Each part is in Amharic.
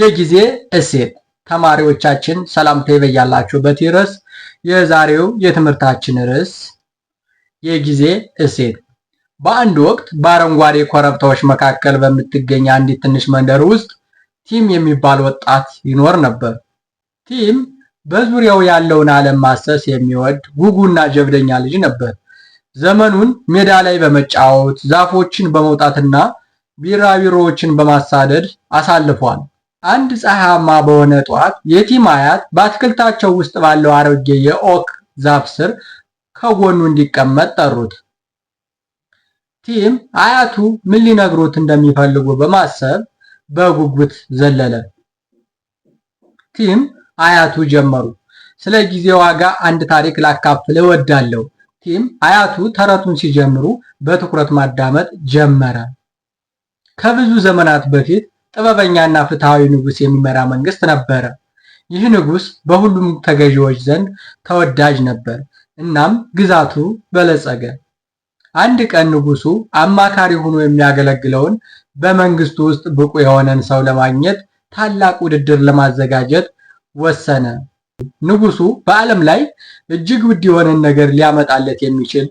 የጊዜ እሴት ተማሪዎቻችን ሰላምታ ይበያላችሁበት ርዕስ የዛሬው የትምህርታችን ርዕስ የጊዜ እሴት በአንድ ወቅት በአረንጓዴ ኮረብታዎች መካከል በምትገኝ አንዲት ትንሽ መንደር ውስጥ ቲም የሚባል ወጣት ይኖር ነበር። ቲም በዙሪያው ያለውን ዓለም ማሰስ የሚወድ ጉጉና ጀብደኛ ልጅ ነበር። ዘመኑን ሜዳ ላይ በመጫወት ዛፎችን በመውጣትና ቢራቢሮዎችን በማሳደድ አሳልፏል። አንድ ፀሐያማ በሆነ ጠዋት የቲም አያት በአትክልታቸው ውስጥ ባለው አሮጌ የኦክ ዛፍ ስር ከጎኑ እንዲቀመጥ ጠሩት። ቲም አያቱ ምን ሊነግሩት እንደሚፈልጉ በማሰብ በጉጉት ዘለለ። ቲም አያቱ ጀመሩ። ስለ ጊዜ ዋጋ አንድ ታሪክ ላካፍል እወዳለሁ። ቲም አያቱ ተረቱን ሲጀምሩ በትኩረት ማዳመጥ ጀመረ። ከብዙ ዘመናት በፊት ጥበበኛና ፍትሐዊ ንጉስ የሚመራ መንግስት ነበረ። ይህ ንጉስ በሁሉም ተገዢዎች ዘንድ ተወዳጅ ነበር። እናም ግዛቱ በለጸገ። አንድ ቀን ንጉሱ አማካሪ ሆኖ የሚያገለግለውን በመንግስቱ ውስጥ ብቁ የሆነን ሰው ለማግኘት ታላቅ ውድድር ለማዘጋጀት ወሰነ። ንጉሱ በዓለም ላይ እጅግ ውድ የሆነን ነገር ሊያመጣለት የሚችል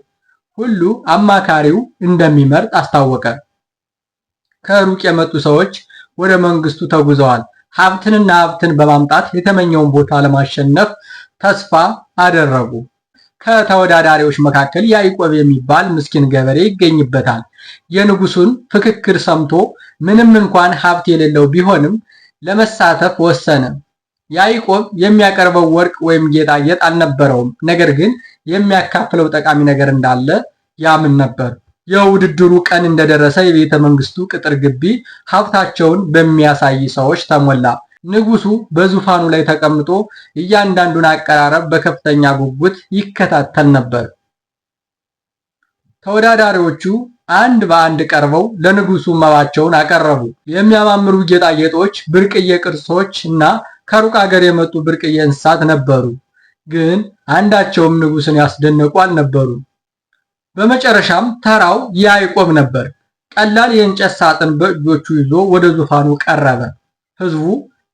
ሁሉ አማካሪው እንደሚመርጥ አስታወቀ። ከሩቅ የመጡ ሰዎች ወደ መንግስቱ ተጉዘዋል። ሀብትንና ሀብትን በማምጣት የተመኘውን ቦታ ለማሸነፍ ተስፋ አደረጉ። ከተወዳዳሪዎች መካከል ያዕቆብ የሚባል ምስኪን ገበሬ ይገኝበታል። የንጉሱን ፍክክር ሰምቶ ምንም እንኳን ሀብት የሌለው ቢሆንም ለመሳተፍ ወሰነ። ያዕቆብ የሚያቀርበው ወርቅ ወይም ጌጣጌጥ አልነበረውም፣ ነገር ግን የሚያካፍለው ጠቃሚ ነገር እንዳለ ያምን ነበር። የውድድሩ ቀን እንደደረሰ የቤተ መንግስቱ ቅጥር ግቢ ሀብታቸውን በሚያሳይ ሰዎች ተሞላ። ንጉሱ በዙፋኑ ላይ ተቀምጦ እያንዳንዱን አቀራረብ በከፍተኛ ጉጉት ይከታተል ነበር። ተወዳዳሪዎቹ አንድ በአንድ ቀርበው ለንጉሱ መባቸውን አቀረቡ። የሚያማምሩ ጌጣጌጦች፣ ብርቅዬ ቅርሶች እና ከሩቅ አገር የመጡ ብርቅዬ እንስሳት ነበሩ። ግን አንዳቸውም ንጉስን ያስደነቁ አልነበሩም። በመጨረሻም ተራው ያዕቆብ ነበር። ቀላል የእንጨት ሳጥን በእጆቹ ይዞ ወደ ዙፋኑ ቀረበ። ሕዝቡ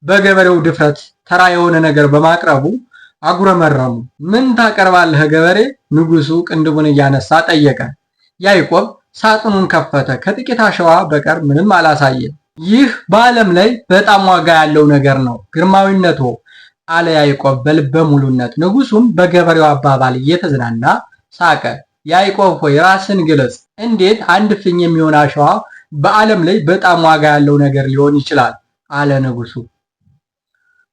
በገበሬው ድፍረት ተራ የሆነ ነገር በማቅረቡ አጉረመረሙ። ምን ታቀርባለህ ገበሬ? ንጉሱ ቅንድቡን እያነሳ ጠየቀ። ያዕቆብ ሳጥኑን ከፈተ። ከጥቂት አሸዋ በቀር ምንም አላሳየ። ይህ በዓለም ላይ በጣም ዋጋ ያለው ነገር ነው ግርማዊነቶ፣ አለ ያዕቆብ በልበ ሙሉነት። ንጉሱም በገበሬው አባባል እየተዝናና ሳቀ። ያዕቆብ ሆይ ራስን ግለጽ። እንዴት አንድ ፍኝ የሚሆን አሸዋ በዓለም ላይ በጣም ዋጋ ያለው ነገር ሊሆን ይችላል? አለ ንጉሱ!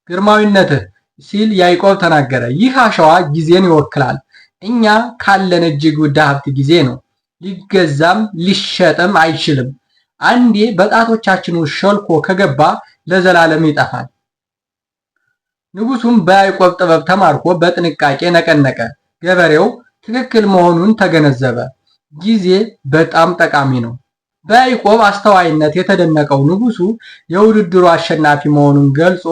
ግርማዊነትህ ሲል ያዕቆብ ተናገረ። ይህ አሸዋ ጊዜን ይወክላል። እኛ ካለን እጅግ ውድ ሀብት ጊዜ ነው። ሊገዛም ሊሸጥም አይችልም። አንዴ በጣቶቻችን ውስጥ ሾልኮ ከገባ ለዘላለም ይጠፋል። ንጉሱም በያዕቆብ ጥበብ ተማርኮ በጥንቃቄ ነቀነቀ። ገበሬው ትክክል መሆኑን ተገነዘበ። ጊዜ በጣም ጠቃሚ ነው። በያዕቆብ አስተዋይነት የተደነቀው ንጉሱ የውድድሩ አሸናፊ መሆኑን ገልጾ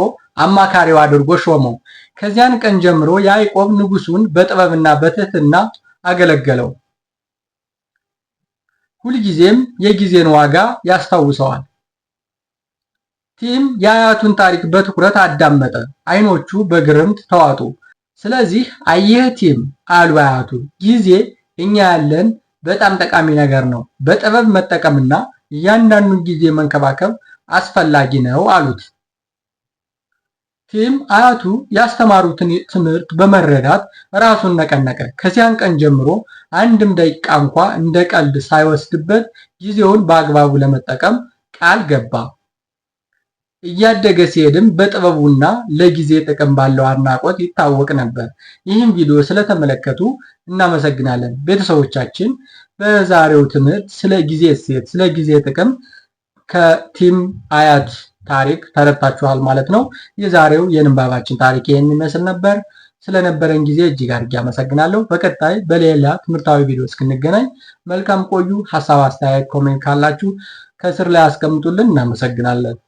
አማካሪው አድርጎ ሾመው። ከዚያን ቀን ጀምሮ ያዕቆብ ንጉሱን በጥበብና በትህትና አገለገለው። ሁልጊዜም የጊዜን ዋጋ ያስታውሰዋል። ቲም የአያቱን ታሪክ በትኩረት አዳመጠ። አይኖቹ በግርምት ተዋጡ። ስለዚህ አየህቲም አሉ አያቱ ጊዜ እኛ ያለን በጣም ጠቃሚ ነገር ነው። በጥበብ መጠቀምና እያንዳንዱን ጊዜ መንከባከብ አስፈላጊ ነው አሉት። ቲም አያቱ ያስተማሩትን ትምህርት በመረዳት ራሱን ነቀነቀ። ከዚያን ቀን ጀምሮ አንድም ደቂቃ እንኳ እንደ ቀልድ ሳይወስድበት ጊዜውን በአግባቡ ለመጠቀም ቃል ገባ። እያደገ ሲሄድም በጥበቡና ለጊዜ ጥቅም ባለው አድናቆት ይታወቅ ነበር። ይህም ቪዲዮ ስለተመለከቱ እናመሰግናለን። ቤተሰቦቻችን በዛሬው ትምህርት ስለ ጊዜ እሴት፣ ስለ ጊዜ ጥቅም ከቲም አያት ታሪክ ተረድታችኋል ማለት ነው። የዛሬው የንባባችን ታሪክ ይህን ይመስል ነበር። ስለነበረን ጊዜ እጅግ አድርጌ አመሰግናለሁ። በቀጣይ በሌላ ትምህርታዊ ቪዲዮ እስክንገናኝ መልካም ቆዩ። ሀሳብ አስተያየት፣ ኮሜንት ካላችሁ ከስር ላይ አስቀምጡልን። እናመሰግናለን።